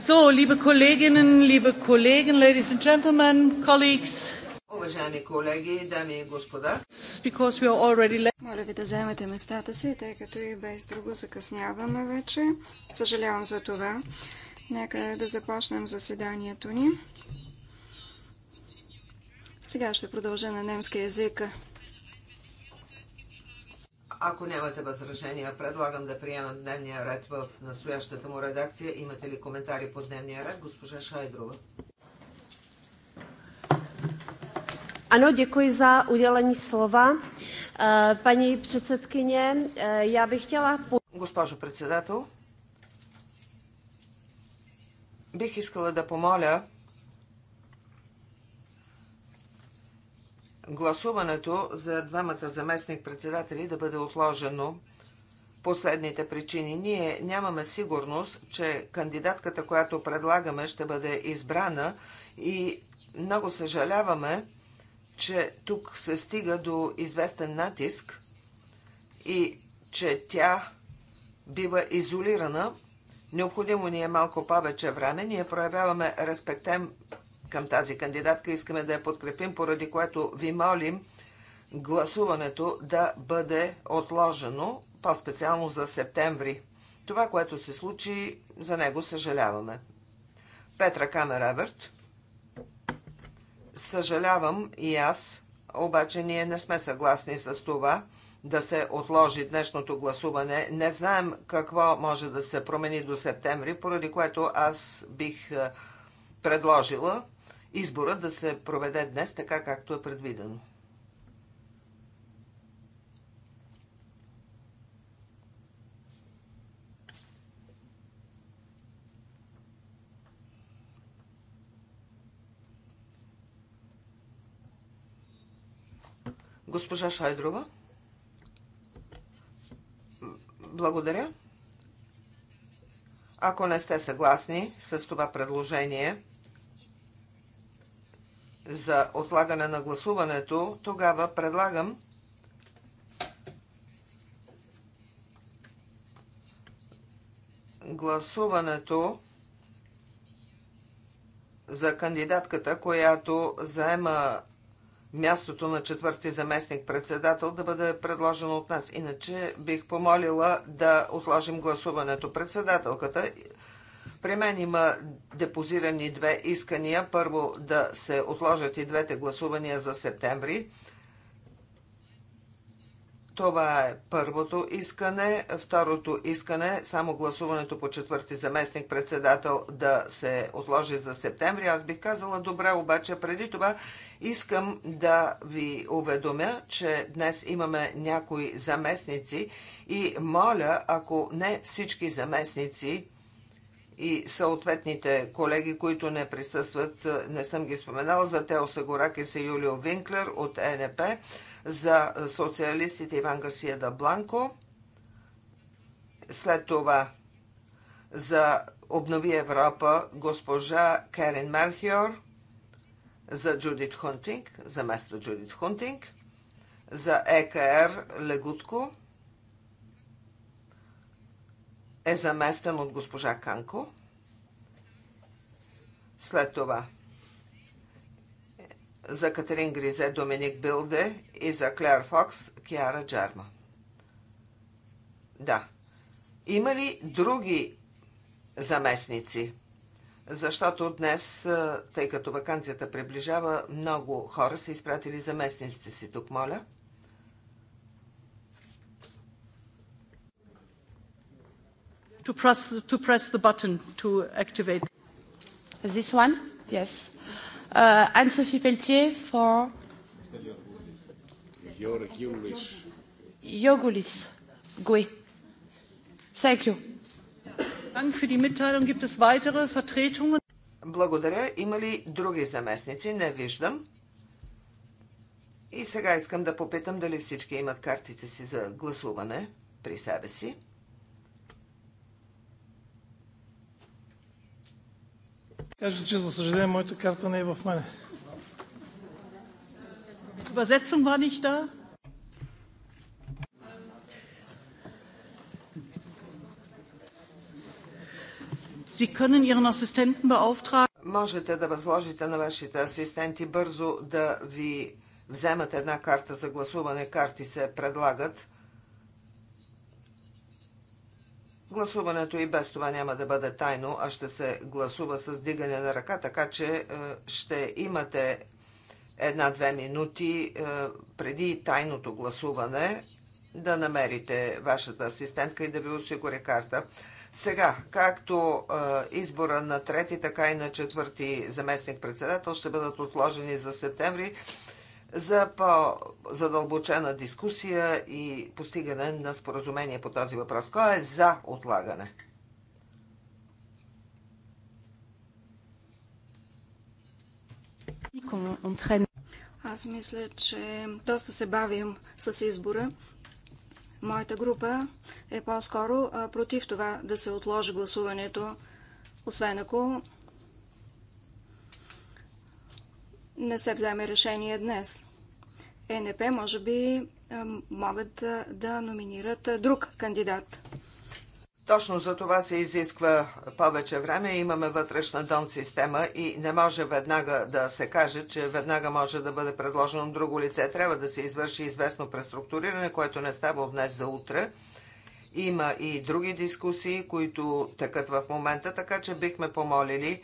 So, liebe Kolleginnen, liebe Kollegen, ladies and gentlemen, colleagues. Уважаеми колеги, дами и господа. Because we are already late. Моля ви да вземете местата си, тъй като и без друго закъсняваме вече. Съжалявам за това. Нека да започнем заседанието ни. Сега ще продължа на немски язика. Ако нямате възражения, предлагам да приемам дневния ред в настоящата му редакция. Имате ли коментари по дневния ред? Госпожа Шайдрова. Ano, děkuji za udělení slova. Е, paní předsedkyně, е, já bych chtěla... Госпожо председател, бих искала да помоля гласуването за двамата заместник-председатели да бъде отложено последните причини. Ние нямаме сигурност, че кандидатката, която предлагаме, ще бъде избрана и много съжаляваме, че тук се стига до известен натиск и че тя бива изолирана. Необходимо ни е малко повече време. Ние проявяваме респектен към тази кандидатка. Искаме да я подкрепим, поради което ви молим гласуването да бъде отложено, по-специално за септември. Това, което се случи, за него съжаляваме. Петра Еверт. Съжалявам и аз, обаче ние не сме съгласни с това да се отложи днешното гласуване. Не знаем какво може да се промени до септември, поради което аз бих е, предложила избора да се проведе днес така, както е предвидено. Госпожа Шайдрова. Благодаря. Ако не сте съгласни с това предложение, за отлагане на гласуването, тогава предлагам гласуването за кандидатката, която заема мястото на четвърти заместник председател да бъде предложено от нас. Иначе бих помолила да отложим гласуването. Председателката при мен има депозирани две искания. Първо да се отложат и двете гласувания за септември. Това е първото искане. Второто искане, само гласуването по четвърти заместник председател да се отложи за септември. Аз бих казала добре, обаче преди това искам да ви уведомя, че днес имаме някои заместници и моля, ако не всички заместници и съответните колеги, които не присъстват, е, не съм ги споменала, за Тео Сагоракис и Юлио Винклер от ЕНП, за социалистите Иван Гарсия да Бланко, след това за Обнови Европа госпожа Керен Мерхиор, за Джудит Хунтинг, за место Джудит Хунтинг, за ЕКР Легутко, е заместен от госпожа Канко. След това за Катерин Гризе, Доминик Билде и за Клер Фокс, Киара Джарма. Да. Има ли други заместници? Защото днес, тъй като вакансията приближава, много хора са изпратили заместниците си. Тук, моля. to press, to press the button to activate. This one? Yes. Uh, Anne-Sophie Pelletier for... Yorgulis. Yorgulis. Gui. Thank you. Dank für die Mitteilung. Gibt es weitere Vertretungen? Благодаря. Има ли други заместници? Не виждам. И сега искам да попитам дали всички имат картите си за гласуване при себе си. кажа, че за съжаление моята карта не е в мене. Можете да възложите на вашите асистенти бързо да ви вземат една карта за гласуване. Карти се предлагат. Гласуването и без това няма да бъде тайно, а ще се гласува с дигане на ръка, така че е, ще имате една-две минути е, преди тайното гласуване да намерите вашата асистентка и да ви осигури карта. Сега, както е, избора на трети, така и на четвърти заместник председател ще бъдат отложени за септември, за по-задълбочена дискусия и постигане на споразумение по този въпрос. Кой е за отлагане? Аз мисля, че доста се бавим с избора. Моята група е по-скоро против това да се отложи гласуването, освен ако не се вземе решение днес. ЕНП може би могат да номинират друг кандидат. Точно за това се изисква повече време. Имаме вътрешна дон система и не може веднага да се каже, че веднага може да бъде предложено друго лице. Трябва да се извърши известно преструктуриране, което не става от днес за утре. Има и други дискусии, които тъкат в момента, така че бихме помолили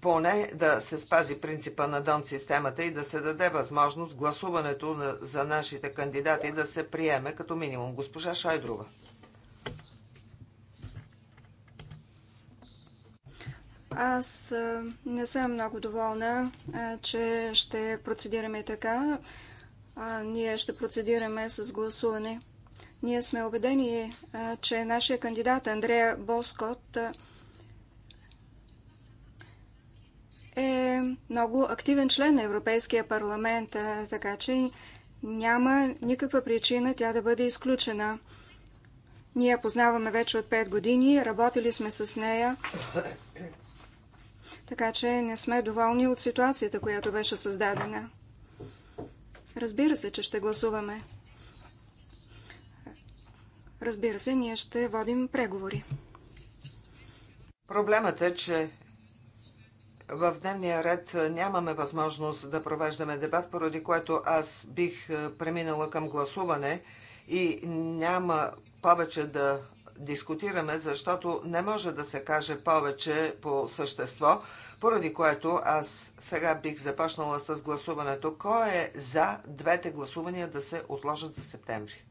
поне да се спази принципа на дон системата и да се даде възможност гласуването за нашите кандидати да се приеме като минимум. Госпожа Шайдрова. Аз не съм много доволна, че ще процедираме така. А ние ще процедираме с гласуване. Ние сме убедени, че нашия кандидат Андрея Боскот е много активен член на Европейския парламент, така че няма никаква причина тя да бъде изключена. Ние познаваме вече от 5 години, работили сме с нея, така че не сме доволни от ситуацията, която беше създадена. Разбира се, че ще гласуваме. Разбира се, ние ще водим преговори. Проблемът е, че в дневния ред нямаме възможност да провеждаме дебат, поради което аз бих е, преминала към гласуване и няма повече да дискутираме, защото не може да се каже повече по същество, поради което аз сега бих започнала с гласуването. Кой е за двете гласувания да се отложат за септември?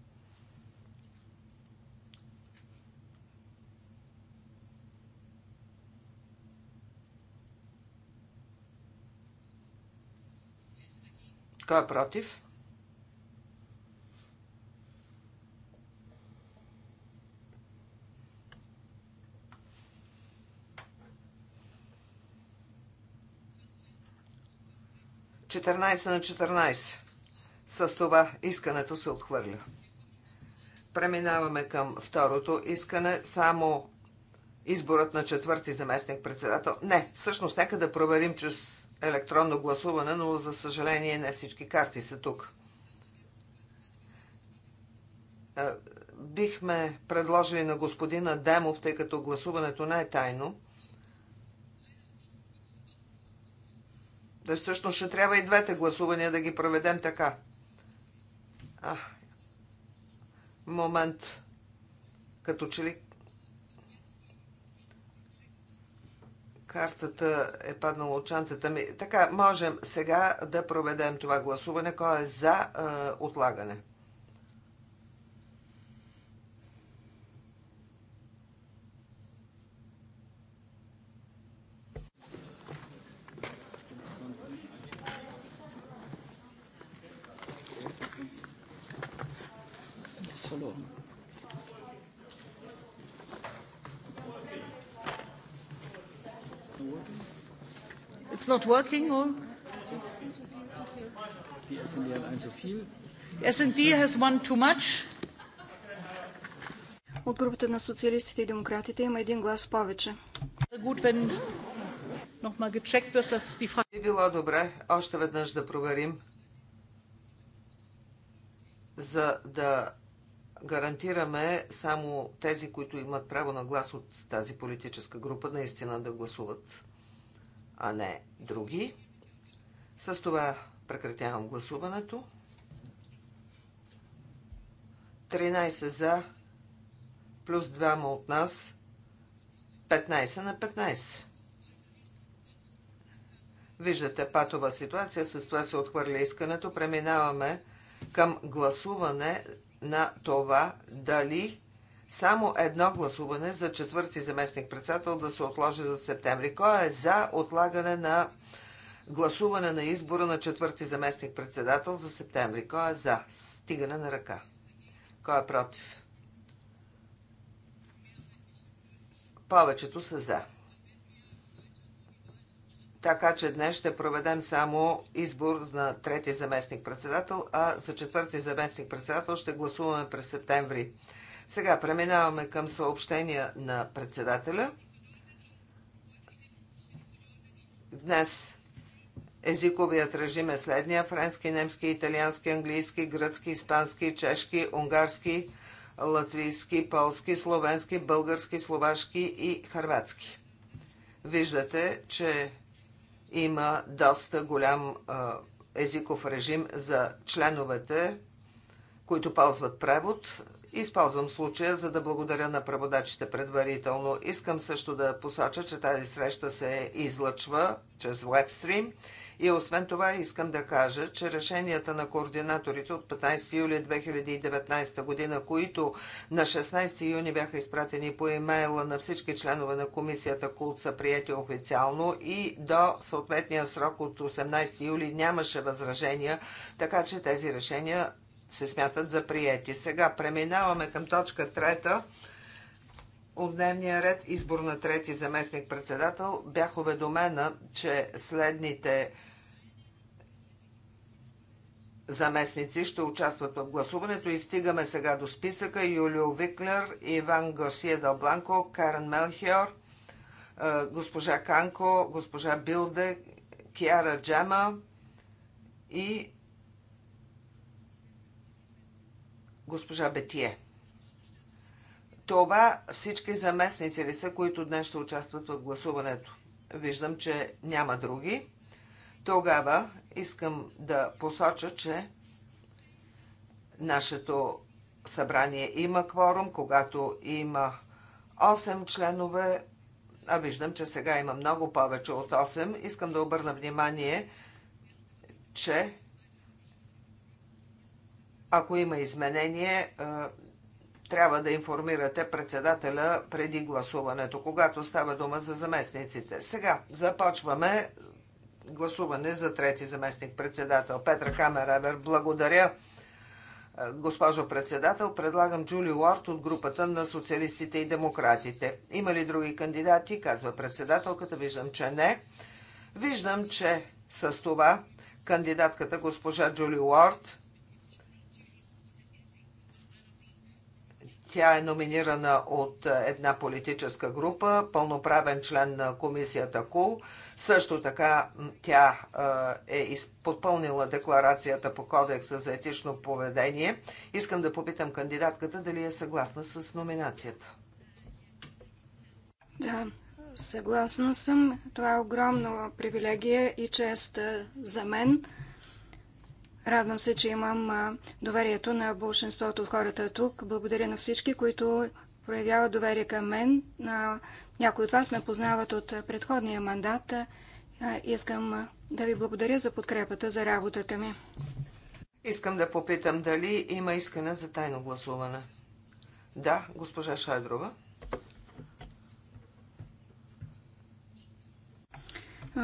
Кой е против? Четирнайсет на 14. С това искането се отхвърля. Преминаваме към второто искане. Само изборът на четвърти заместник председател. Не, всъщност нека да проверим чрез електронно гласуване, но за съжаление не всички карти са тук. Е, бихме предложили на господина Демов, тъй като гласуването не е тайно. Да всъщност ще трябва и двете гласувания да ги проведем така. А, момент. Като че ли Картата е паднала от чантата ми. Така, можем сега да проведем това гласуване. Кой е за е, отлагане? verloren. It's not working or? S&D has one too much. От групата на социалистите и демократите има един глас повече. Е Би било добре още веднъж да проверим, за да гарантираме само тези, които имат право на глас от тази политическа група, наистина да гласуват а не други. С това прекратявам гласуването. 13 за, плюс 2 от нас, 15 на 15. Виждате патова ситуация, с това се отхвърля искането. Преминаваме към гласуване на това дали само едно гласуване за четвърти заместник председател да се отложи за септември. Кой е за отлагане на гласуване на избора на четвърти заместник председател за септември? Кой е за? Стигане на ръка. Кой е против? Повечето са за. Така че днес ще проведем само избор на трети заместник председател, а за четвърти заместник председател ще гласуваме през септември. Сега преминаваме към съобщения на председателя. Днес езиковият режим е следния. Френски, немски, италиански, английски, гръцки, испански, чешки, унгарски, латвийски, полски, словенски, български, словашки и харватски. Виждате, че има доста голям езиков режим за членовете, които ползват превод. Използвам случая, за да благодаря на преводачите предварително. Искам също да посоча, че тази среща се излъчва чрез вебстрим. И освен това искам да кажа, че решенията на координаторите от 15 юли 2019 година, които на 16 юни бяха изпратени по имейла на всички членове на комисията КУЛТ са прияти официално и до съответния срок от 18 юли нямаше възражения, така че тези решения се смятат за прияти. Сега преминаваме към точка трета от дневния ред избор на трети заместник председател. Бях уведомена, че следните заместници ще участват в гласуването и стигаме сега до списъка Юлио Виклер, Иван Гарсия Далбланко, Карен Мелхиор, госпожа Канко, госпожа Билде, Киара Джема и госпожа Бетие. Това всички заместници ли са, които днес ще участват в гласуването? Виждам, че няма други. Тогава искам да посоча, че нашето събрание има кворум, когато има 8 членове, а виждам, че сега има много повече от 8. Искам да обърна внимание, че ако има изменение, е, трябва да информирате председателя преди гласуването, когато става дума за заместниците. Сега започваме гласуване за трети заместник председател. Петра Камеревер, благодаря. Е, госпожо председател, предлагам Джули Уорд от групата на социалистите и демократите. Има ли други кандидати? Казва председателката. Виждам, че не. Виждам, че с това кандидатката госпожа Джули Уорд Тя е номинирана от една политическа група, пълноправен член на комисията КУЛ. Също така тя е подпълнила декларацията по кодекса за етично поведение. Искам да попитам кандидатката дали е съгласна с номинацията. Да, съгласна съм. Това е огромна привилегия и чест за мен – Радвам се, че имам доверието на большинството от хората тук. Благодаря на всички, които проявяват доверие към мен. Някои от вас ме познават от предходния мандат. Искам да ви благодаря за подкрепата за работата ми. Искам да попитам дали има искане за тайно гласуване. Да, госпожа Шайдрова.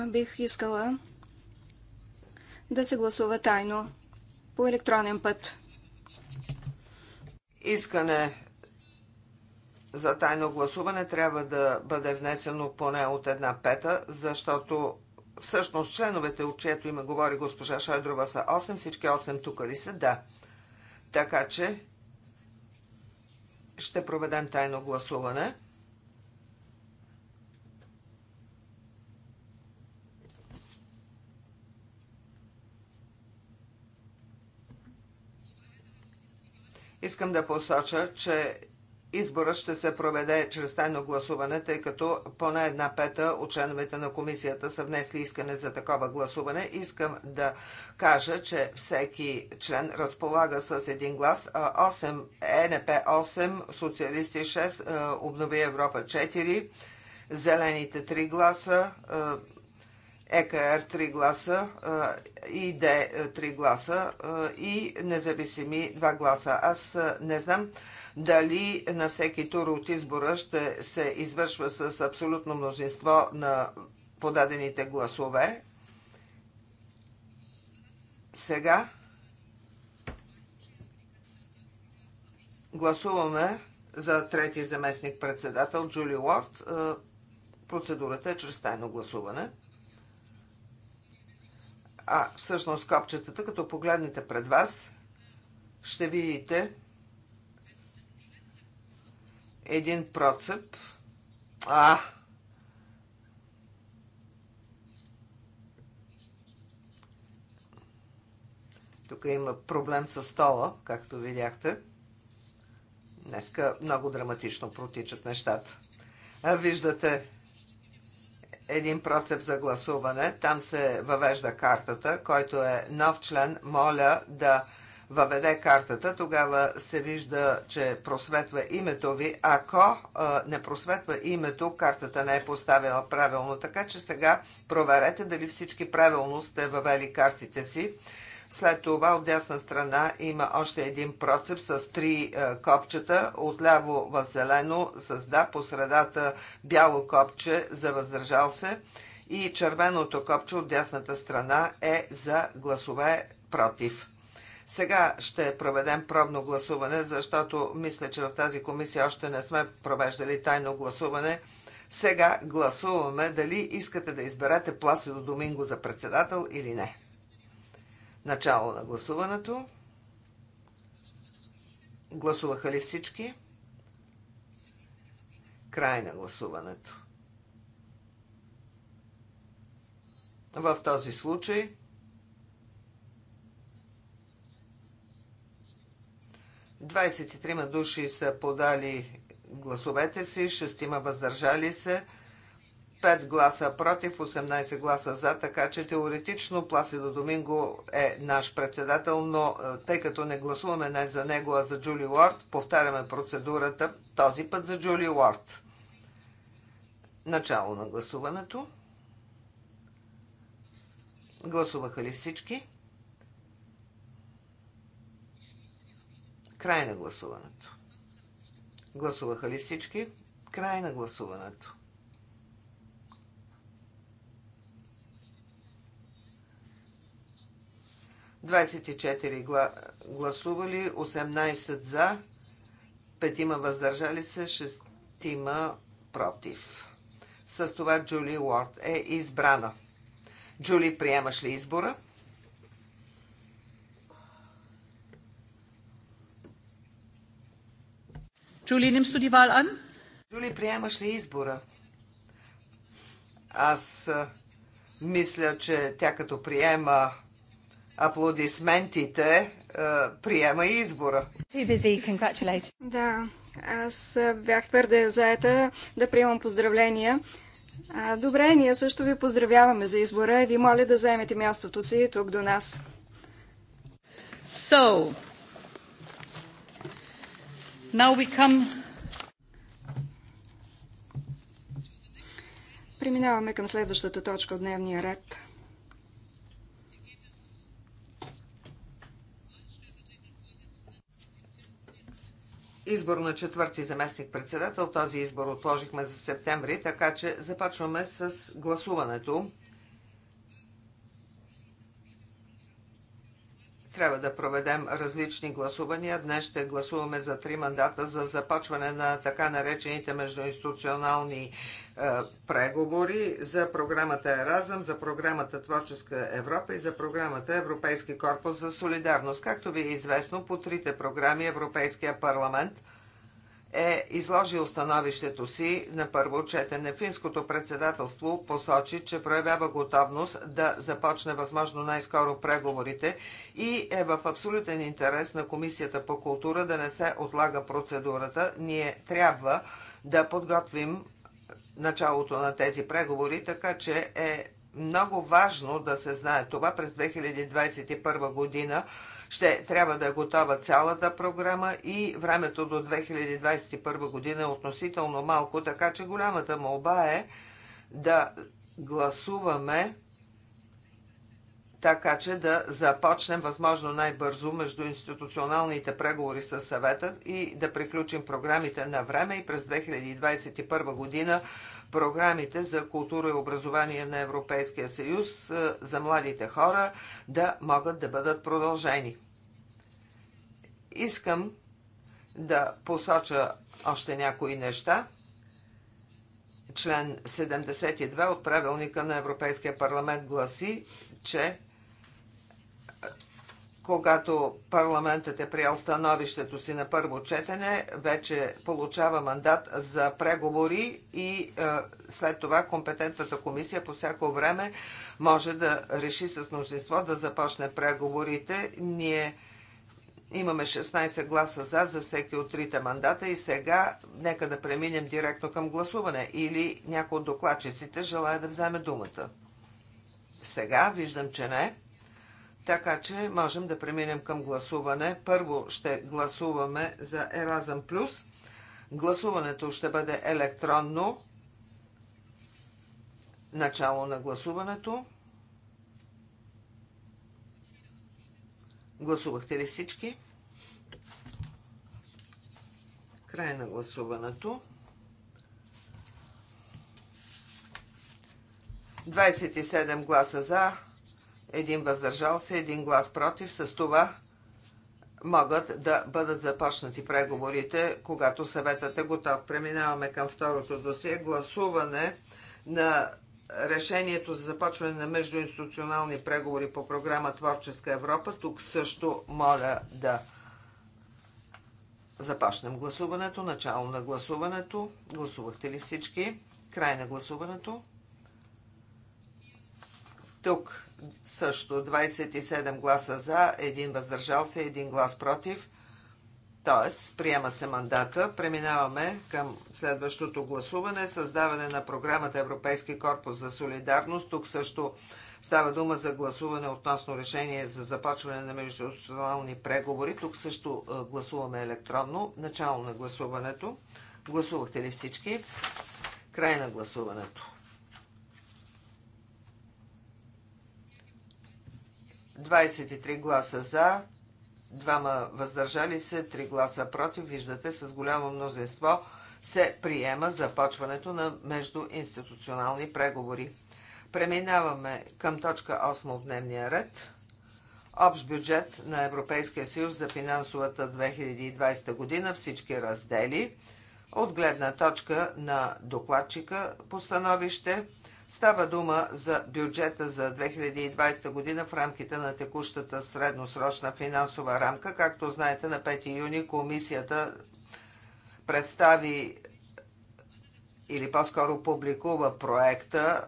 Бих искала да се гласува тайно по електронен път. Искане за тайно гласуване трябва да бъде внесено поне от една пета, защото всъщност членовете, от чието име говори госпожа Шайдрова, са 8, всички 8 тук ли са? Да. Така че ще проведем тайно гласуване. Искам да посоча, че изборът ще се проведе чрез тайно гласуване, тъй като поне една пета от членовете на комисията са внесли искане за такова гласуване. Искам да кажа, че всеки член разполага с един глас, 8, ЕНП 8, социалисти 6, Обнови Европа 4, Зелените 3 гласа, ЕКР 3 гласа, ИД 3 гласа и независими 2 гласа. Аз не знам дали на всеки тур от избора ще се извършва с абсолютно мнозинство на подадените гласове. Сега гласуваме за трети заместник председател Джули Уорд. Процедурата е чрез тайно гласуване а всъщност копчетата, като погледнете пред вас, ще видите един процеп. А! Тук има проблем с стола, както видяхте. Днеска много драматично протичат нещата. А виждате един процеп за гласуване. Там се въвежда картата, който е нов член. Моля да въведе картата, тогава се вижда, че просветва името ви. Ако а, не просветва името, картата не е поставена правилно. Така че сега проверете дали всички правилно сте въвели картите си. След това от дясна страна има още един процеп с три е, копчета. Отляво в зелено с да, по средата бяло копче за въздържал се и червеното копче от дясната страна е за гласове против. Сега ще проведем пробно гласуване, защото мисля, че в тази комисия още не сме провеждали тайно гласуване. Сега гласуваме дали искате да изберете Пласидо Доминго за председател или не. Начало на гласуването. Гласуваха ли всички? Край на гласуването. В този случай Двадесет и трима души са подали гласовете си, шестима въздържали се – 5 гласа против, 18 гласа за, така че теоретично Пласидо Доминго е наш председател, но е, тъй като не гласуваме не за него, а за Джули Уорд, повтаряме процедурата този път за Джули Уорд. Начало на гласуването. Гласуваха ли всички? Край на гласуването. Гласуваха ли всички? Край на гласуването. 24 гласували, 18 за, 5 въздържали се, 6 против. С това Джули Уорд е избрана. Джули, приемаш ли избора? Джули, nimmst du die Джули, приемаш ли избора? Аз мисля, че тя като приема аплодисментите е, приема и избора. Да, аз е, бях твърде заета да приемам поздравления. Добре, ние също ви поздравяваме за избора и ви моля да заемете мястото си тук до нас. So, now we come... Преминаваме към следващата точка от дневния ред. избор на четвърти заместник председател. Този избор отложихме за септември, така че започваме с гласуването. Трябва да проведем различни гласувания. Днес ще гласуваме за три мандата за започване на така наречените междуинституционални е, преговори за програмата Еразъм, за програмата Творческа Европа и за програмата Европейски корпус за солидарност. Както ви е известно, по трите програми Европейския парламент е изложил становището си на първо четене. Финското председателство посочи, че проявява готовност да започне възможно най-скоро преговорите и е в абсолютен интерес на Комисията по култура да не се отлага процедурата. Ние трябва да подготвим началото на тези преговори, така че е много важно да се знае това. През 2021 година ще трябва да е готова цялата програма и времето до 2021 година е относително малко, така че голямата молба е да гласуваме така че да започнем възможно най-бързо между институционалните преговори с съвета и да приключим програмите на време и през 2021 година програмите за култура и образование на Европейския съюз е, за младите хора да могат да бъдат продължени. Искам да посоча още някои неща. Член 72 от правилника на Европейския парламент гласи, че когато парламентът е приял становището си на първо четене, вече получава мандат за преговори и е, след това компетентната комисия по всяко време може да реши с мнозинство да започне преговорите. Ние имаме 16 гласа за за всеки от трите мандата и сега нека да преминем директно към гласуване или някой от докладчиците желая да вземе думата. Сега виждам, че не. Така че можем да преминем към гласуване. Първо ще гласуваме за Еразъм Плюс. Гласуването ще бъде електронно. Начало на гласуването. Гласувахте ли всички? Край на гласуването. 27 гласа за, един въздържал се, един глас против. С това могат да бъдат започнати преговорите, когато съветът е готов. Преминаваме към второто досие. Гласуване на решението за започване на междуинституционални преговори по програма Творческа Европа. Тук също моля да започнем гласуването. Начало на гласуването. Гласувахте ли всички? Край на гласуването. Тук също 27 гласа за, 1 въздържал се, 1 глас против. Тоест, приема се мандата. Преминаваме към следващото гласуване. Създаване на програмата Европейски корпус за солидарност. Тук също става дума за гласуване относно решение за започване на междунационални преговори. Тук също е, гласуваме електронно. Начало на гласуването. Гласувахте ли всички? Край на гласуването. 23 гласа за, 2 въздържали се, 3 гласа против. Виждате, с голямо мнозинство се приема започването на междуинституционални преговори. Преминаваме към точка 8 от дневния ред. Общ бюджет на Европейския съюз за финансовата 2020 година, всички раздели. От гледна точка на докладчика по становище – Става дума за бюджета за 2020 година в рамките на текущата средносрочна финансова рамка. Както знаете, на 5 юни комисията представи или по-скоро публикува проекта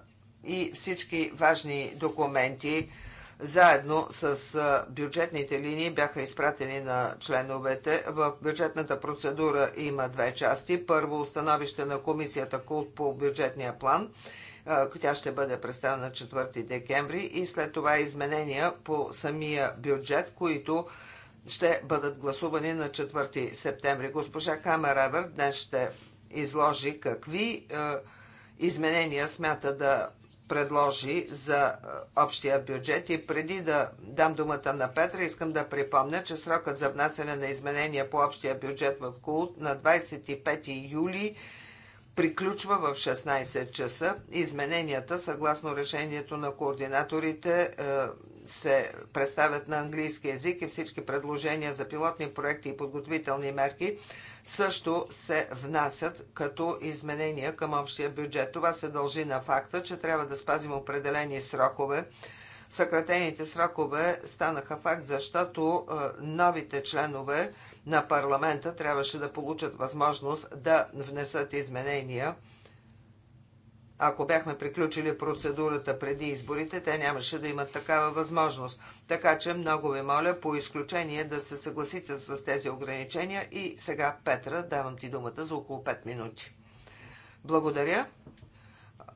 и всички важни документи заедно с бюджетните линии бяха изпратени на членовете. В бюджетната процедура има две части. Първо, установище на комисията Култ по бюджетния план – тя ще бъде представена на 4 декември и след това изменения по самия бюджет, които ще бъдат гласувани на 4 септември. Госпожа Камеравер днес ще изложи какви изменения смята да предложи за общия бюджет. И преди да дам думата на Петра, искам да припомня, че срокът за внасяне на изменения по общия бюджет в КУЛТ на 25 юли приключва в 16 часа. Измененията, съгласно решението на координаторите, е, се представят на английски язик и всички предложения за пилотни проекти и подготвителни мерки също се внасят като изменения към общия бюджет. Това се дължи на факта, че трябва да спазим определени срокове. Съкратените срокове станаха факт, защото е, новите членове на парламента трябваше да получат възможност да внесат изменения. Ако бяхме приключили процедурата преди изборите, те нямаше да имат такава възможност. Така че много ви моля по изключение да се съгласите с тези ограничения. И сега, Петра, давам ти думата за около 5 минути. Благодаря.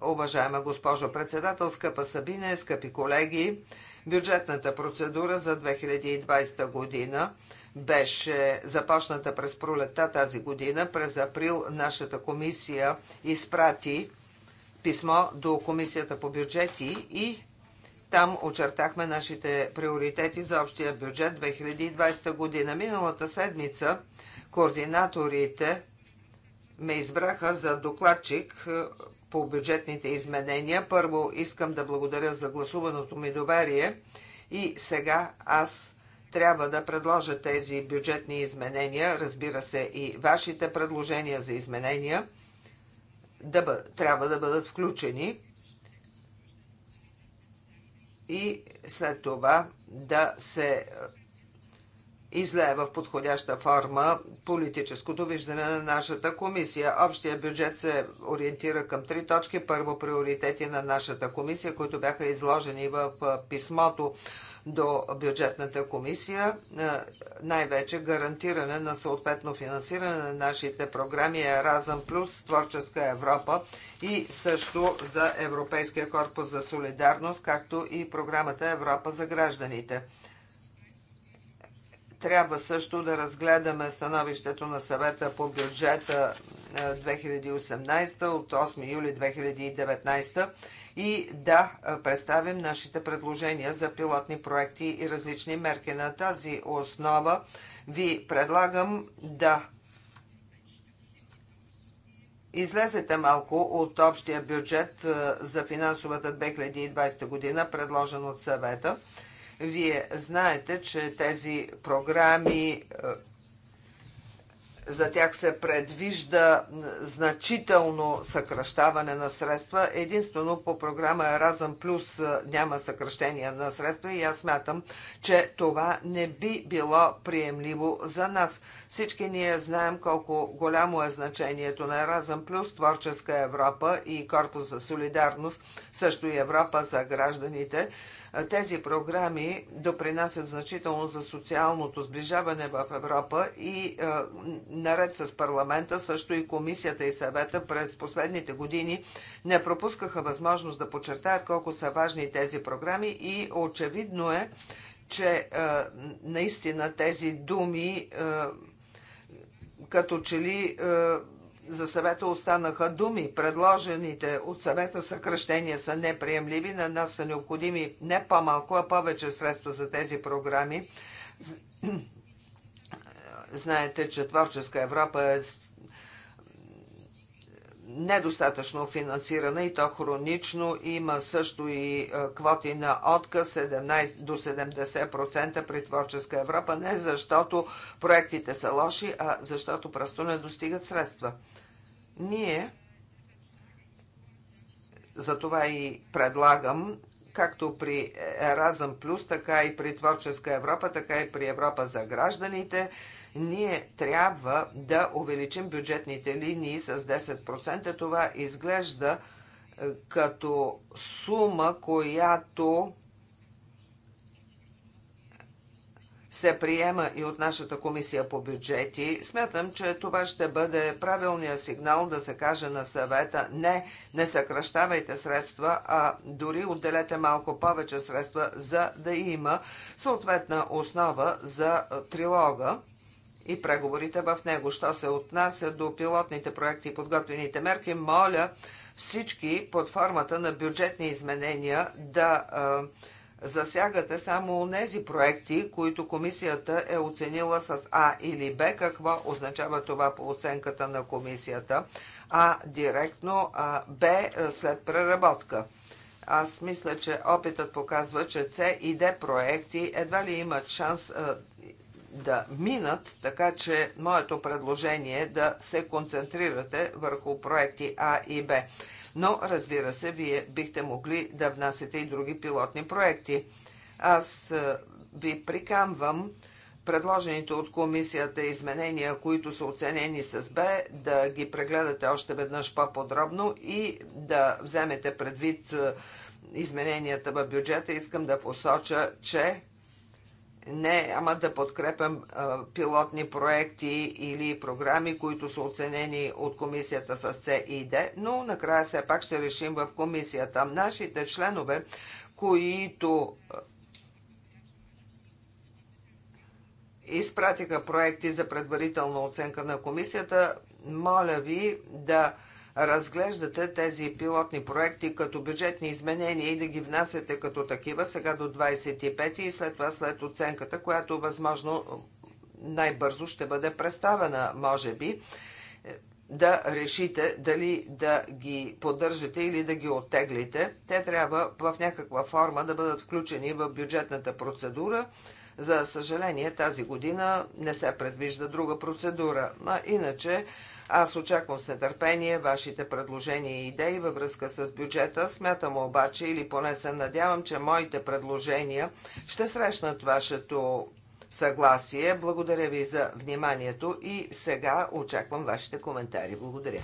Уважаема госпожо председател, скъпа Сабине, скъпи колеги, бюджетната процедура за 2020 година – беше започната през пролета тази година. През април нашата комисия изпрати писмо до Комисията по бюджети и там очертахме нашите приоритети за общия бюджет 2020 година. Миналата седмица координаторите ме избраха за докладчик е, по бюджетните изменения. Първо искам да благодаря за гласуваното ми доверие и сега аз трябва да предложа тези бюджетни изменения, разбира се и вашите предложения за изменения да, трябва да бъдат включени и след това да се е, излее в подходяща форма политическото виждане на нашата комисия. Общия бюджет се ориентира към три точки. Първо, приоритети на нашата комисия, които бяха изложени в е, писмото до бюджетната комисия, е, най-вече гарантиране на съответно финансиране на нашите програми Еразъм Плюс, Творческа Европа и също за Европейския корпус за солидарност, както и програмата Европа за гражданите. Трябва също да разгледаме становището на съвета по бюджета 2018 е, от 8 юли 2019 и да представим нашите предложения за пилотни проекти и различни мерки. На тази основа ви предлагам да излезете малко от общия бюджет за финансовата 2020 година, предложен от съвета. Вие знаете, че тези програми за тях се предвижда значително съкръщаване на средства. Единствено по програма Еразъм Плюс няма съкръщение на средства и аз смятам, че това не би било приемливо за нас. Всички ние знаем колко голямо е значението на Еразъм Плюс, Творческа Европа и Корпус за солидарност, също и Европа за гражданите – тези програми допринасят значително за социалното сближаване в Европа и е, наред с парламента, също и комисията и съвета през последните години не пропускаха възможност да подчертаят колко са важни тези програми и очевидно е, че е, наистина тези думи е, като че ли за съвета останаха думи. Предложените от съвета съкръщения са неприемливи. На нас са необходими не по-малко, а повече средства за тези програми. Знаете, че Творческа Европа е недостатъчно финансирана и то хронично. Има също и е, квоти на отказ 17 до 70% при Творческа Европа, не защото проектите са лоши, а защото просто не достигат средства. Ние затова и предлагам както при Еразъм Плюс, така и при Творческа Европа, така и при Европа за гражданите – ние трябва да увеличим бюджетните линии с 10%. Това изглежда е, като сума, която се приема и от нашата комисия по бюджети, смятам, че това ще бъде правилният сигнал да се каже на съвета не, не съкръщавайте средства, а дори отделете малко повече средства, за да има съответна основа за е, трилога и преговорите в него. Що се отнася до пилотните проекти и подготвените мерки, моля всички под формата на бюджетни изменения да засягате само тези проекти, които комисията е оценила с А или Б. Какво означава това по оценката на комисията? А директно, а Б след преработка. Аз мисля, че опитът показва, че С и Д проекти едва ли имат шанс да минат, така че моето предложение е да се концентрирате върху проекти А и Б. Но, разбира се, вие бихте могли да внасяте и други пилотни проекти. Аз ви прикамвам предложените от комисията изменения, които са оценени с Б, да ги прегледате още веднъж по-подробно и да вземете предвид измененията в бюджета. Искам да посоча, че не, ама да подкрепям а, пилотни проекти или програми, които са оценени от комисията с С и Д, но накрая все пак ще решим в комисията. Нашите членове, които изпратиха проекти за предварителна оценка на комисията, моля ви да разглеждате тези пилотни проекти като бюджетни изменения и да ги внасяте като такива сега до 25 и след това след оценката, която възможно най-бързо ще бъде представена, може би, да решите дали да ги поддържате или да ги оттеглите. Те трябва в някаква форма да бъдат включени в бюджетната процедура. За съжаление, тази година не се предвижда друга процедура. А иначе, аз очаквам с нетърпение вашите предложения и идеи във връзка с бюджета. Смятам обаче, или поне се надявам, че моите предложения ще срещнат вашето съгласие. Благодаря ви за вниманието и сега очаквам вашите коментари. Благодаря.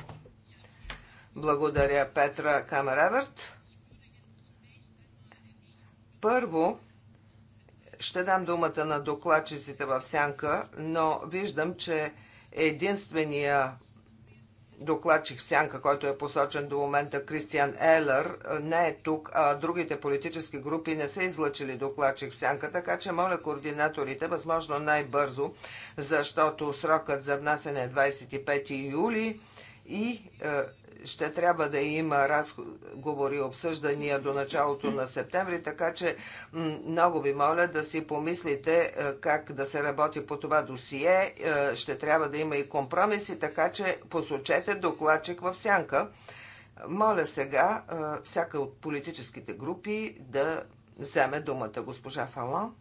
Благодаря, Петра Камераверт. Първо, ще дам думата на докладчиците в сянка, но виждам, че единствения докладчик в Сянка, който е посочен до момента Кристиан Елер, не е тук, а другите политически групи не са излъчили докладчик в Сянка, така че моля координаторите, възможно най-бързо, защото срокът за внасяне е 25 юли, и е, ще трябва да има разговори и обсъждания до началото на септември, така че много ви моля да си помислите е, как да се работи по това досие. Е, ще трябва да има и компромиси, така че посочете докладчик в сянка. Моля сега всяка от политическите групи да вземе думата госпожа Фалан.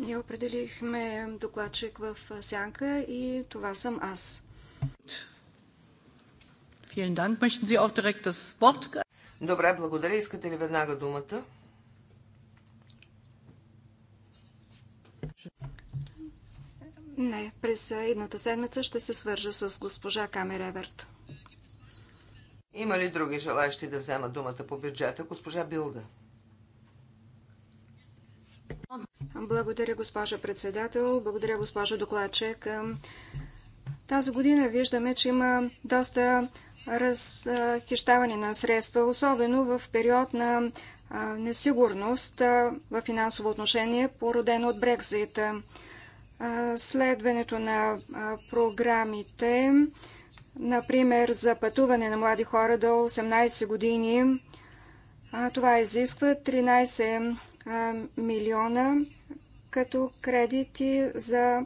Ние определихме докладчик в сянка и това съм аз. Добре, благодаря. Искате ли веднага думата? Не, през едната седмица ще се свържа с госпожа Камер Еверт. Има ли други желаящи да вземат думата по бюджета? Госпожа Билда. Благодаря, госпожа председател. Благодаря, госпожа докладчик. Тази година виждаме, че има доста разхищаване на средства, особено в период на несигурност в финансово отношение, породено от Брекзит. Следването на програмите, например за пътуване на млади хора до 18 години, това изисква 13 милиона като кредити за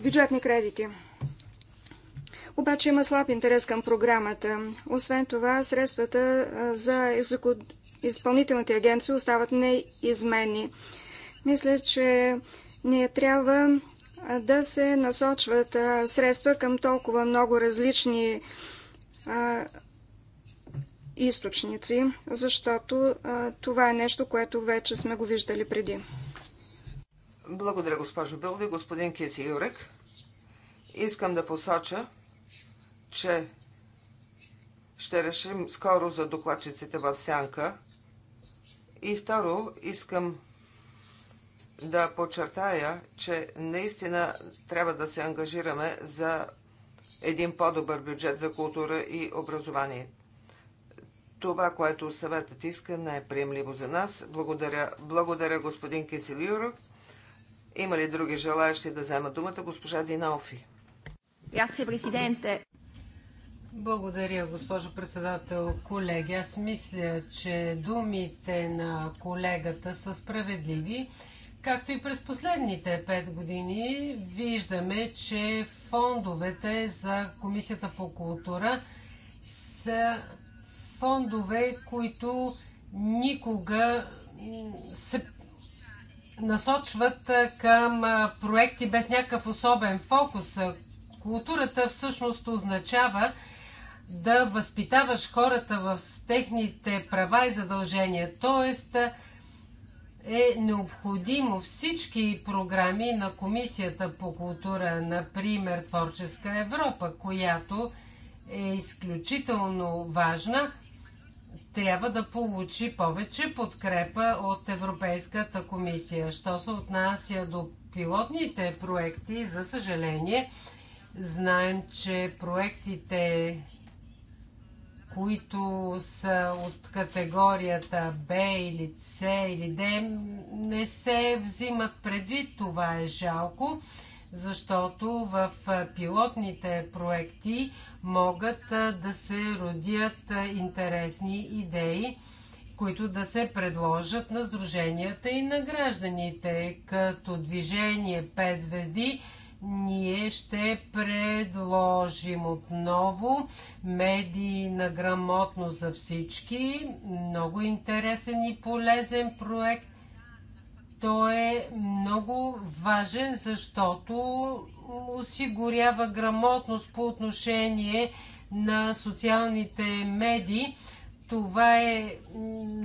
бюджетни кредити. Обаче има слаб интерес към програмата. Освен това, средствата за изпълнителните агенции остават неизменни. Мисля, че не трябва да се насочват средства към толкова много различни източници, защото това е нещо, което вече сме го виждали преди. Благодаря, госпожо Билди. Господин Киси Юрек, искам да посоча, че ще решим скоро за докладчиците в сянка. И второ, искам да подчертая, че наистина трябва да се ангажираме за един по-добър бюджет за култура и образование това, което съветът иска, не е приемливо за нас. Благодаря, благодаря господин Киселиурък. Има ли други желаящи да вземат думата? Госпожа Динаофи. Грация, президенте. Благодаря, госпожо председател. Колеги, аз мисля, че думите на колегата са справедливи. Както и през последните пет години виждаме, че фондовете за Комисията по култура са фондове, които никога се насочват към проекти без някакъв особен фокус. Културата всъщност означава да възпитаваш хората в техните права и задължения. Тоест е необходимо всички програми на Комисията по култура, например Творческа Европа, която е изключително важна – трябва да получи повече подкрепа от Европейската комисия. Що се отнася до пилотните проекти, за съжаление, знаем, че проектите, които са от категорията Б или С или Д, не се взимат предвид. Това е жалко защото в пилотните проекти могат да се родят интересни идеи, които да се предложат на сдруженията и на гражданите. Като движение 5 звезди ние ще предложим отново на грамотност за всички. Много интересен и полезен проект той е много важен, защото осигурява грамотност по отношение на социалните медии. Това е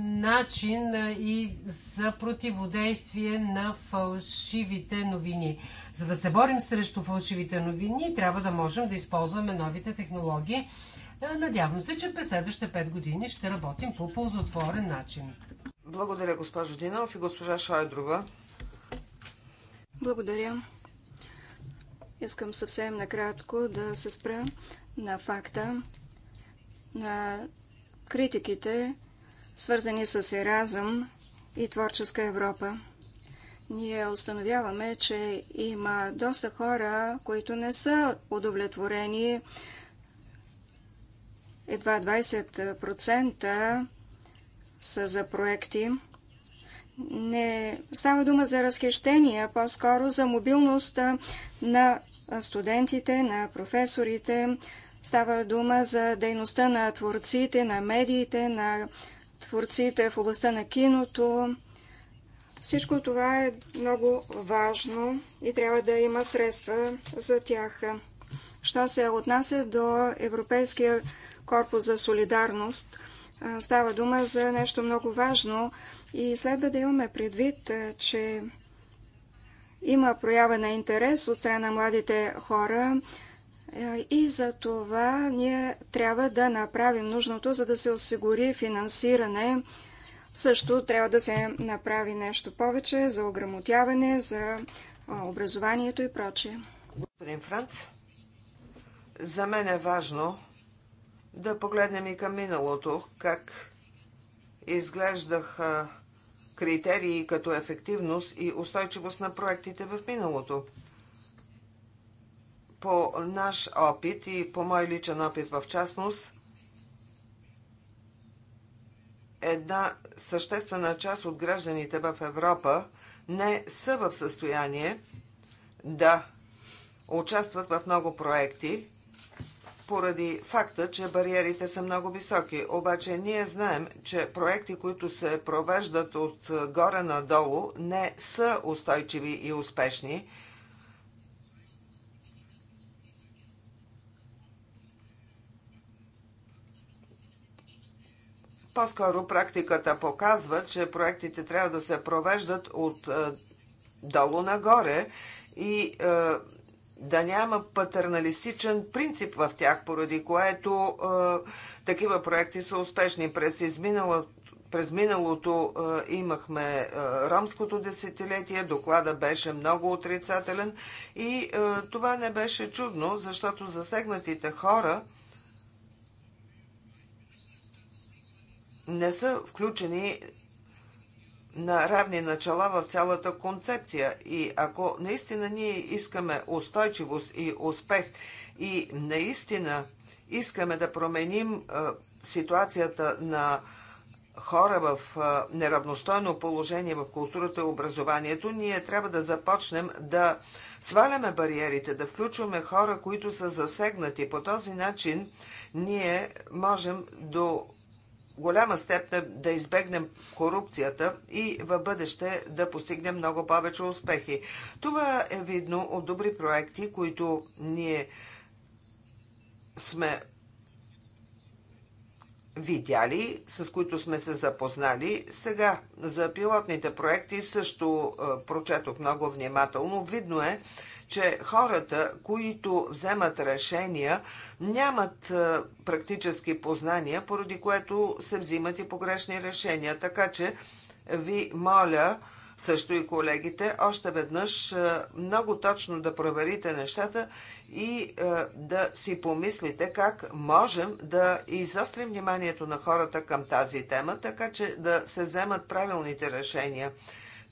начин и за противодействие на фалшивите новини. За да се борим срещу фалшивите новини, трябва да можем да използваме новите технологии. Надявам се, че през следващите 5 години ще работим по ползотворен начин. Благодаря, госпожо Динов и госпожа Шойдрова. Благодаря. Искам съвсем накратко да се спра на факта на критиките, свързани с еразъм и творческа Европа. Ние установяваме, че има доста хора, които не са удовлетворени. Едва 20% са за проекти. Не става дума за разхищения, а по-скоро за мобилност на студентите, на професорите. Става дума за дейността на творците, на медиите, на творците в областта на киното. Всичко това е много важно и трябва да има средства за тях. Що се отнася до Европейския корпус за солидарност – Става дума за нещо много важно и следва да имаме предвид, че има проява на интерес от страна на младите хора и за това ние трябва да направим нужното, за да се осигури финансиране. Също трябва да се направи нещо повече за ограмотяване, за образованието и прочее. Господин Франц, за мен е важно да погледнем и към миналото, как изглеждаха критерии като ефективност и устойчивост на проектите в миналото. По наш опит и по мой личен опит в частност, една съществена част от гражданите в Европа не са в състояние да участват в много проекти, поради факта, че бариерите са много високи. Обаче ние знаем, че проекти, които се провеждат от горе надолу, не са устойчиви и успешни. По-скоро практиката показва, че проектите трябва да се провеждат от е, долу нагоре и е, да няма патерналистичен принцип в тях, поради което е, такива проекти са успешни. През изминала през миналото е, имахме е, ромското десетилетие, доклада беше много отрицателен и е, това не беше чудно, защото засегнатите хора не са включени на равни начала в цялата концепция. И ако наистина ние искаме устойчивост и успех и наистина искаме да променим ситуацията на хора в неравностойно положение в културата и образованието, ние трябва да започнем да сваляме бариерите, да включваме хора, които са засегнати. По този начин ние можем до голяма степен да избегнем корупцията и в бъдеще да постигнем много повече успехи. Това е видно от добри проекти, които ние сме видяли, с които сме се запознали. Сега за пилотните проекти също е, прочетох много внимателно. Видно е, че хората, които вземат решения, нямат е, практически познания, поради което се взимат и погрешни решения. Така че ви моля, също и колегите, още веднъж е, много точно да проверите нещата и е, да си помислите как можем да изострим вниманието на хората към тази тема, така че да се вземат правилните решения.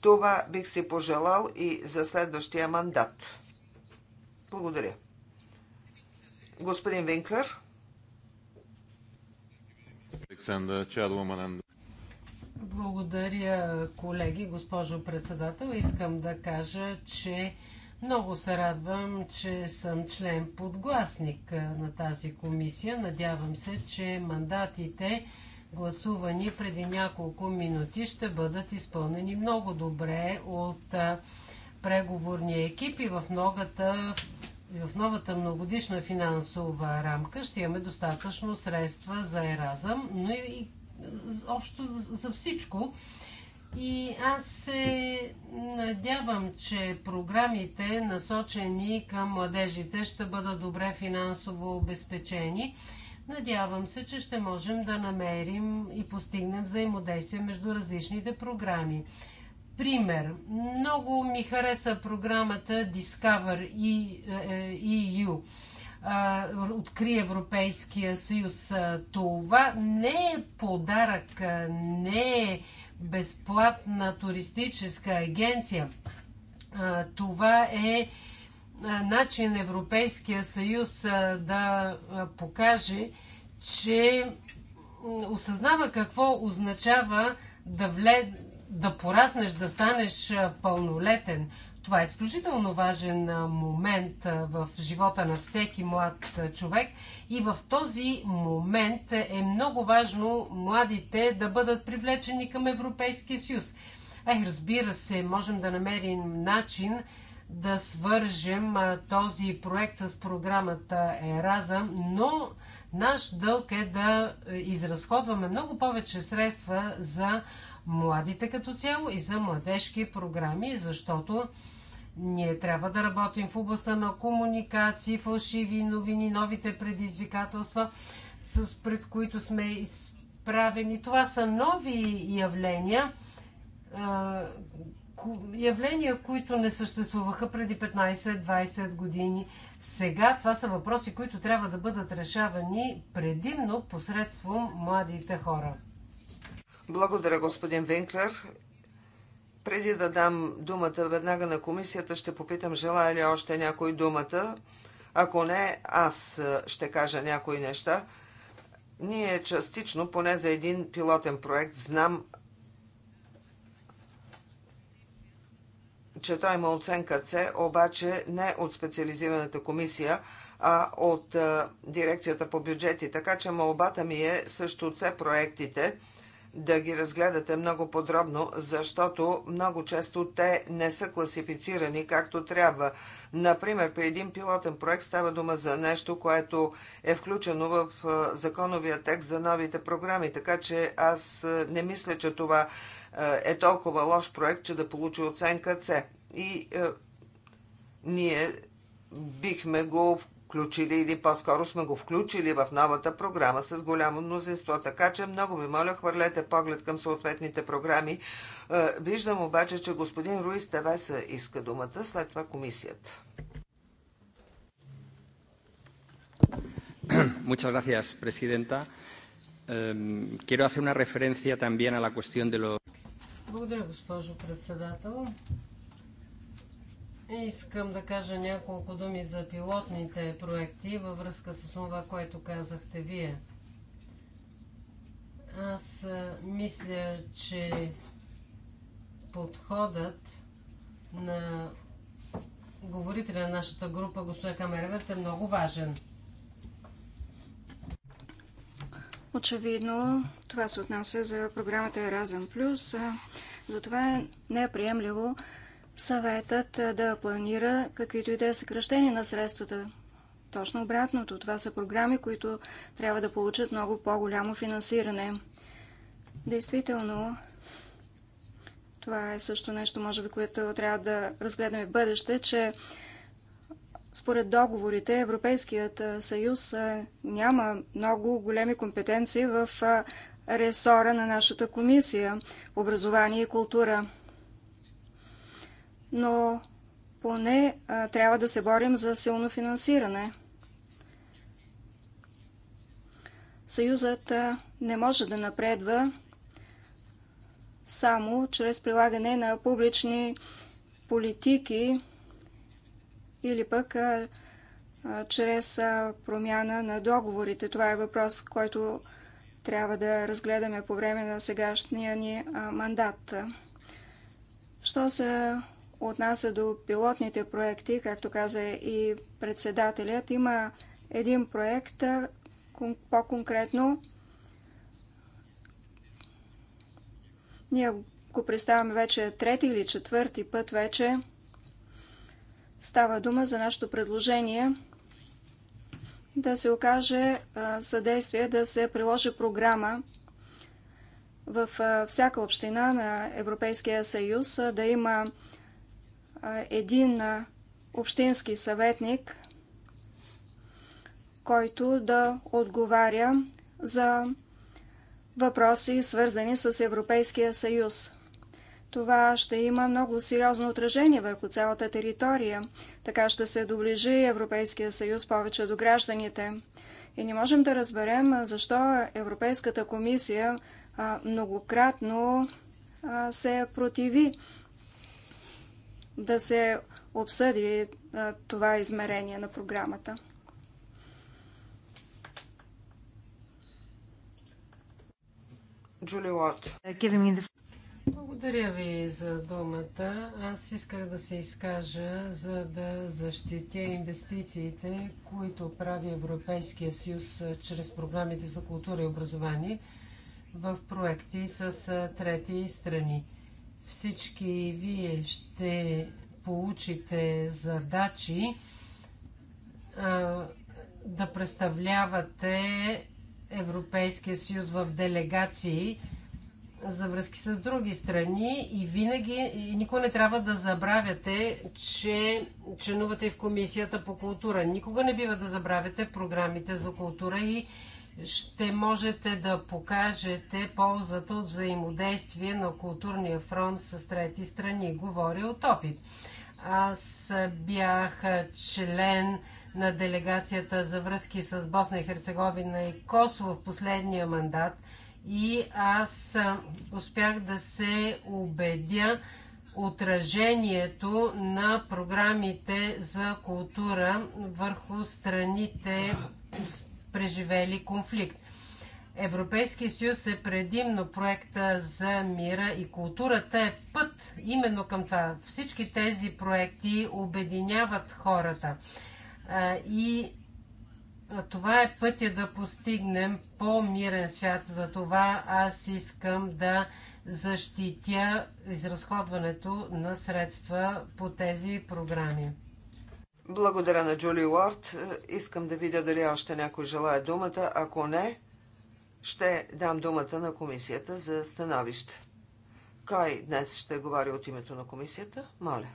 Това бих си пожелал и за следващия мандат. Благодаря. Господин Винклер. Благодаря, колеги, госпожо председател. Искам да кажа, че много се радвам, че съм член подгласник на тази комисия. Надявам се, че мандатите, гласувани преди няколко минути, ще бъдат изпълнени много добре от преговорния екип и в, многата, и в новата многодишна финансова рамка ще имаме достатъчно средства за еразъм, но и, и общо за, за всичко. И аз се надявам, че програмите, насочени към младежите, ще бъдат добре финансово обезпечени. Надявам се, че ще можем да намерим и постигнем взаимодействие между различните програми пример. Много ми хареса програмата Discover е, е, EU. Откри Европейския съюз. Това не е подарък, не е безплатна туристическа агенция. Това е, е начин Европейския съюз да покаже, че осъзнава какво означава да влезе да пораснеш, да станеш пълнолетен. Това е изключително важен момент в живота на всеки млад човек и в този момент е много важно младите да бъдат привлечени към Европейския съюз. Ех, разбира се, можем да намерим начин да свържем този проект с програмата Еразъм, но наш дълг е да изразходваме много повече средства за младите като цяло и за младежки програми, защото ние трябва да работим в областта на комуникации, фалшиви новини, новите предизвикателства, с пред които сме изправени. Това са нови явления, явления, които не съществуваха преди 15-20 години. Сега това са въпроси, които трябва да бъдат решавани предимно посредством младите хора. Благодаря, господин Винклер. Преди да дам думата веднага на комисията, ще попитам, желая ли още някой думата. Ако не, аз е, ще кажа някои неща. Ние частично, поне за един пилотен проект, знам, че той има оценка С, обаче не от специализираната комисия, а от е, дирекцията по бюджети. Така че молбата ми е също С проектите – да ги разгледате много подробно, защото много често те не са класифицирани както трябва. Например, при един пилотен проект става дума за нещо, което е включено в законовия текст за новите програми, така че аз не мисля, че това е толкова лош проект, че да получи оценка С. И е, ние бихме го включили или по-скоро сме го включили в новата програма с голямо мнозинство. Така че много ми моля, хвърлете поглед към съответните програми. Е, виждам обаче, че господин Руис Тавеса иска думата, след това комисията. Muchas gracias, Presidenta. Quiero hacer una referencia también a la cuestión de los... Благодаря, госпожо председател. Искам да кажа няколко думи за пилотните проекти във връзка с това, което казахте вие. Аз мисля, че подходът на говорителя на нашата група, господин Камеревет, е много важен. Очевидно, това се отнася за програмата Еразъм Плюс. Затова не е приемливо съветът е, да планира каквито и да е съкръщени на средствата. Точно обратното. Това са програми, които трябва да получат много по-голямо финансиране. Действително, това е също нещо, може би, което трябва да разгледаме в бъдеще, че според договорите Европейският е, съюз е, няма много големи компетенции в ресора на нашата комисия образование и култура но поне а, трябва да се борим за силно финансиране. Съюзът а, не може да напредва само чрез прилагане на публични политики или пък а, а, чрез а, промяна на договорите. Това е въпрос, който трябва да разгледаме по време на сегашния ни а, мандат. Що се отнася до пилотните проекти, както каза и председателят, има един проект по-конкретно. Ние го представяме вече трети или четвърти път вече. Става дума за нашето предложение да се окаже съдействие да се приложи програма във всяка община на Европейския съюз, да има един общински съветник, който да отговаря за въпроси, свързани с Европейския съюз. Това ще има много сериозно отражение върху цялата територия. Така ще се доближи Европейския съюз повече до гражданите. И не можем да разберем защо Европейската комисия многократно се противи да се обсъди това измерение на програмата. Джули Лот. Благодаря ви за думата. Аз исках да се изкажа, за да защитя инвестициите, които прави Европейския съюз чрез програмите за култура и образование в проекти с трети страни. Всички вие ще получите задачи да представлявате Европейския съюз в делегации за връзки с други страни и винаги, и никога не трябва да забравяте, че членувате в Комисията по култура. Никога не бива да забравяте програмите за култура и ще можете да покажете ползата от взаимодействие на културния фронт с трети страни. Говоря от опит. Аз бях член на делегацията за връзки с Босна и Херцеговина и Косово в последния мандат и аз успях да се убедя отражението на програмите за култура върху страните преживели конфликт. Европейския съюз е предимно проекта за мира и културата е път именно към това. Всички тези проекти обединяват хората. И това е пътя да постигнем по-мирен свят. За това аз искам да защитя изразходването на средства по тези програми. Благодаря на Джули Уорд. Е, искам да видя дали още някой желая думата. Ако не, ще дам думата на комисията за становище. Кой днес ще говори от името на комисията? Моля.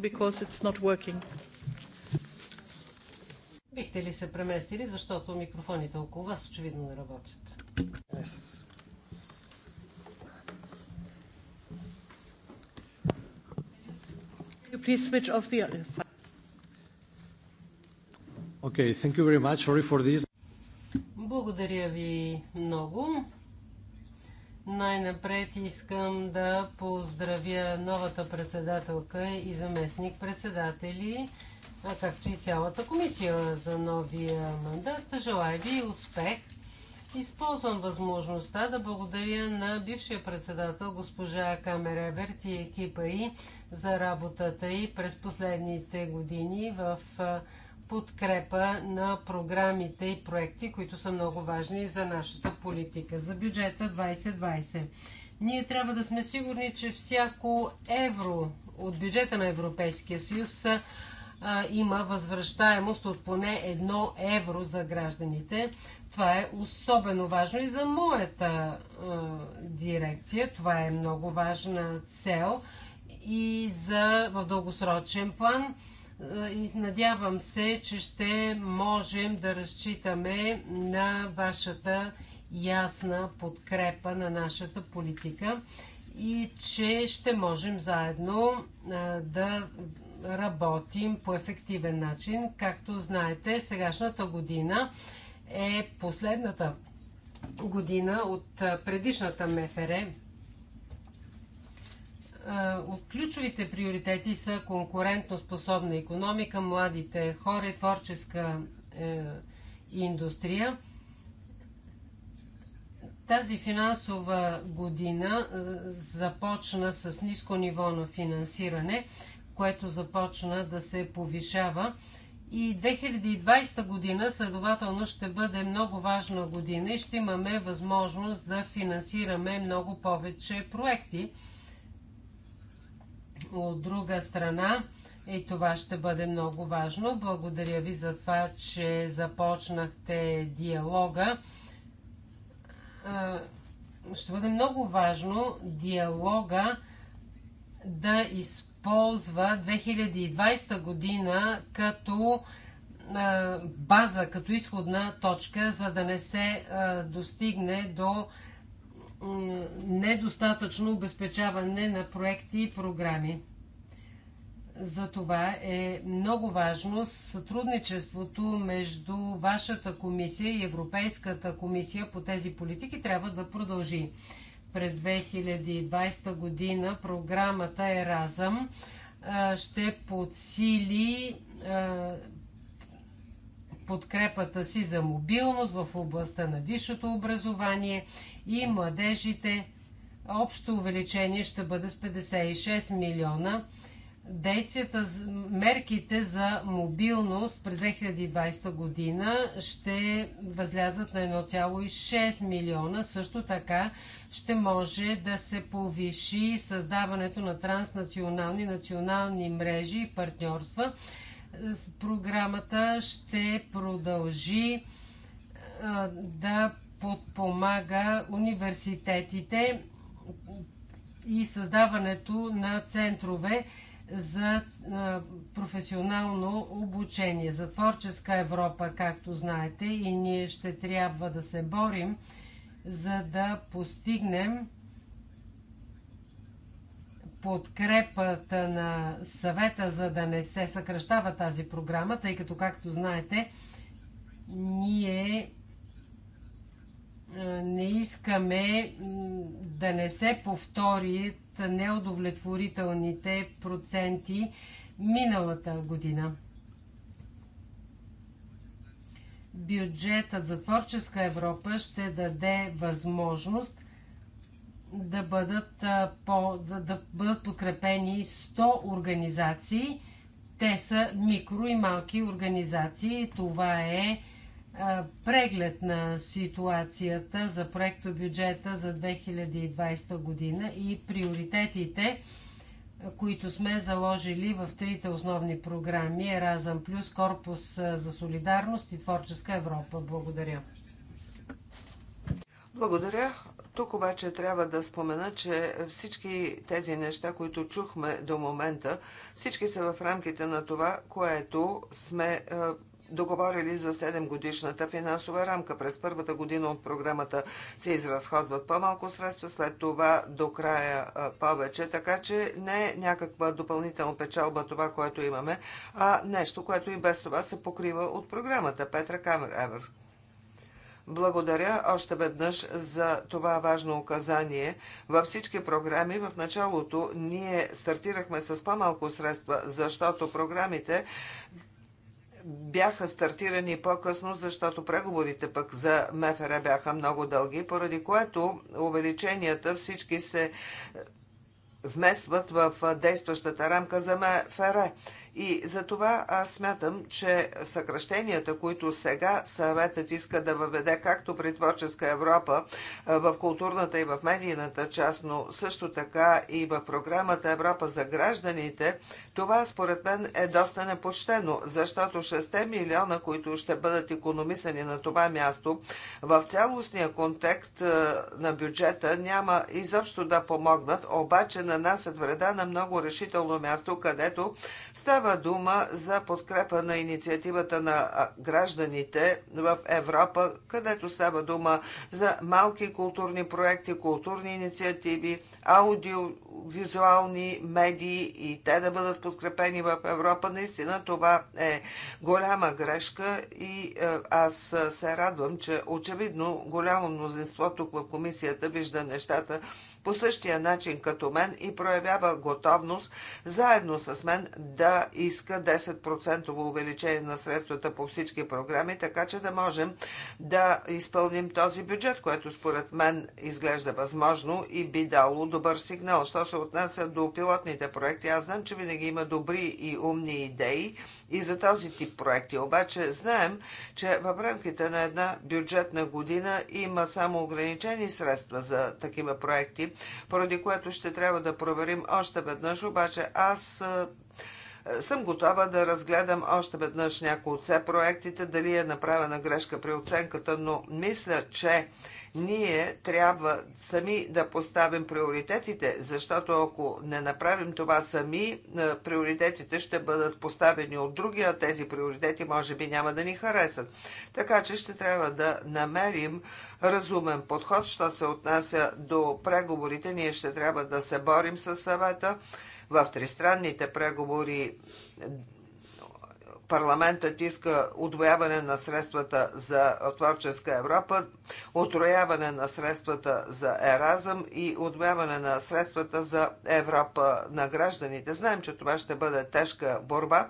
because it's not working. Бихте ли се преместили, защото микрофоните около вас очевидно не работят? Yes. Please switch off the other. Okay, thank you very much. Sorry for this. Благодаря ви много. Най-напред искам да поздравя новата председателка и заместник председатели, а както и цялата комисия за новия мандат. Желая ви успех! Използвам възможността да благодаря на бившия председател госпожа Еверт и екипа й за работата й през последните години в подкрепа на програмите и проекти, които са много важни за нашата политика. За бюджета 2020. Ние трябва да сме сигурни, че всяко евро от бюджета на Европейския съюз а, има възвръщаемост от поне едно евро за гражданите. Това е особено важно и за моята а, дирекция. Това е много важна цел и за в дългосрочен план. Е, и Надявам се, че ще можем да разчитаме на вашата ясна подкрепа на нашата политика и че ще можем заедно е, да работим по ефективен начин. Както знаете, сегашната година е последната година от е, предишната МФР. Е, от ключовите приоритети са конкурентоспособна економика, младите хора и творческа е, индустрия. Тази финансова година е, започна с ниско ниво на финансиране, което започна да се повишава. И 2020 година следователно ще бъде много важна година и ще имаме възможност да финансираме много повече проекти от друга страна, и това ще бъде много важно. Благодаря ви за това, че започнахте диалога. Ще бъде много важно диалога да използва 2020 година като база, като изходна точка, за да не се достигне до недостатъчно обезпечаване на проекти и програми. Затова е много важно сътрудничеството между вашата комисия и Европейската комисия по тези политики трябва да продължи. През 2020 година програмата Еразъм ще подсили подкрепата си за мобилност в областта на висшето образование и младежите. Общо увеличение ще бъде с 56 милиона. Действията, мерките за мобилност през 2020 година ще възлязат на 1,6 милиона. Също така ще може да се повиши създаването на транснационални национални мрежи и партньорства Програмата ще продължи да подпомага университетите и създаването на центрове за професионално обучение. За творческа Европа, както знаете, и ние ще трябва да се борим, за да постигнем подкрепата на съвета, за да не се съкръщава тази програма, тъй като, както знаете, ние не искаме да не се повторят неудовлетворителните проценти миналата година. Бюджетът за творческа Европа ще даде възможност да бъдат, по, да, да бъдат подкрепени 100 организации. Те са микро и малки организации. Това е а, преглед на ситуацията за проекто бюджета за 2020 година и приоритетите, които сме заложили в трите основни програми Еразъм Плюс, Корпус за солидарност и Творческа Европа. Благодаря. Благодаря. Тук обаче трябва да спомена, че всички тези неща, които чухме до момента, всички са в рамките на това, което сме е, договорили за 7 годишната финансова рамка. През първата година от програмата се изразходват по-малко средства, след това до края е, повече, така че не е някаква допълнителна печалба това, което имаме, а нещо, което и без това се покрива от програмата. Петра Камер Евер. Благодаря още веднъж за това важно указание. Във всички програми в началото ние стартирахме с по-малко средства, защото програмите бяха стартирани по-късно, защото преговорите пък за МФР бяха много дълги, поради което увеличенията всички се вместват в действащата рамка за МФР. И за това аз смятам, че съкръщенията, които сега съветът иска да въведе както при творческа Европа в културната и в медийната част, но също така и в програмата Европа за гражданите, това според мен е доста непочтено, защото 6 милиона, които ще бъдат економисани на това място, в цялостния контекст на бюджета няма изобщо да помогнат, обаче нанасят вреда на много решително място, където става Става дума за подкрепа на инициативата на гражданите в Европа, където става дума за малки културни проекти, културни инициативи, аудиовизуални медии и те да бъдат подкрепени в Европа. Наистина това е голяма грешка и е, аз е, се радвам, че очевидно голямо мнозинство тук в комисията вижда нещата по същия начин като мен и проявява готовност заедно с мен да иска 10% увеличение на средствата по всички програми, така че да можем да изпълним този бюджет, което според мен изглежда възможно и би дало добро добър сигнал. Що се отнася до пилотните проекти, аз знам, че винаги има добри и умни идеи и за този тип проекти. Обаче знаем, че в рамките на една бюджетна година има само ограничени средства за такива проекти, поради което ще трябва да проверим още веднъж. Обаче аз съм готова да разгледам още веднъж някои от все проектите, дали е направена грешка при оценката, но мисля, че ние трябва сами да поставим приоритетите, защото ако не направим това сами, е, приоритетите ще бъдат поставени от други, а тези приоритети може би няма да ни харесат. Така че ще трябва да намерим разумен подход, що се отнася до преговорите. Ние ще трябва да се борим с съвета в тристранните преговори парламентът иска отвояване на средствата за творческа Европа, отрояване на средствата за Еразъм и отвояване на средствата за Европа на гражданите. Знаем, че това ще бъде тежка борба,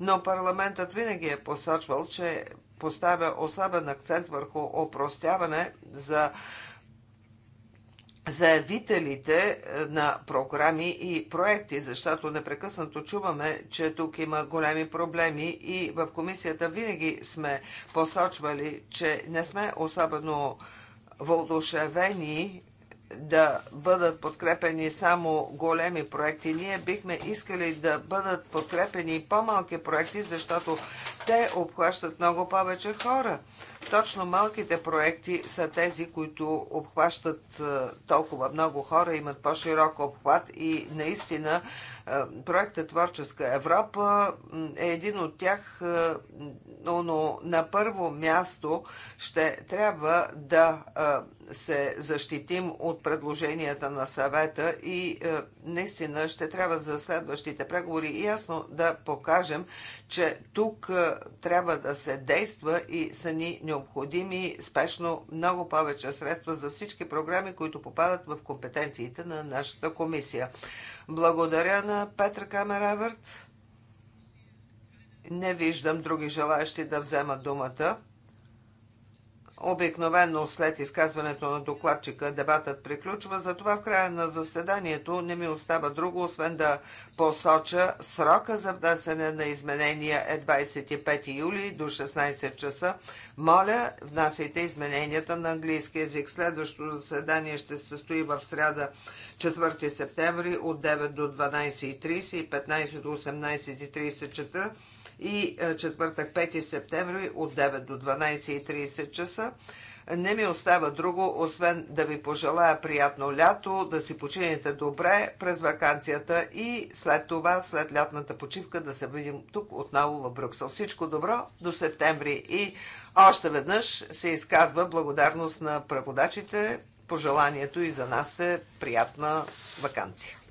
но парламентът винаги е посочвал, че поставя особен акцент върху опростяване за заявителите е, на програми и проекти, защото непрекъснато чуваме, че тук има големи проблеми и в комисията винаги сме посочвали, че не сме особено вълдушевени да бъдат подкрепени само големи проекти. Ние бихме искали да бъдат подкрепени по-малки проекти, защото те обхващат много повече хора. Точно малките проекти са тези, които обхващат толкова много хора, имат по-широк обхват и наистина е, проекта Творческа Европа е един от тях, е, но на първо място ще трябва да е, се защитим от предложенията на съвета и наистина ще трябва за следващите преговори ясно да покажем, че тук трябва да се действа и са ни необходими спешно много повече средства за всички програми, които попадат в компетенциите на нашата комисия. Благодаря на Петра Камераверт. Не виждам други желаящи да вземат думата. Обикновено след изказването на докладчика дебатът приключва, затова в края на заседанието не ми остава друго, освен да посоча срока за внасяне на изменения е 25 юли до 16 часа. Моля, внасяйте измененията на английски язик. Следващото заседание ще се състои в среда 4 септември от 9 до 12.30 и 15 до 18.30 часа и е, четвъртък 5 септември от 9 до 12.30 часа. Не ми остава друго, освен да ви пожелая приятно лято, да си почините добре през вакансията и след това, след лятната почивка, да се видим тук отново в Брюксел. Всичко добро до септември и още веднъж се изказва благодарност на преводачите. Пожеланието и за нас е приятна вакансия.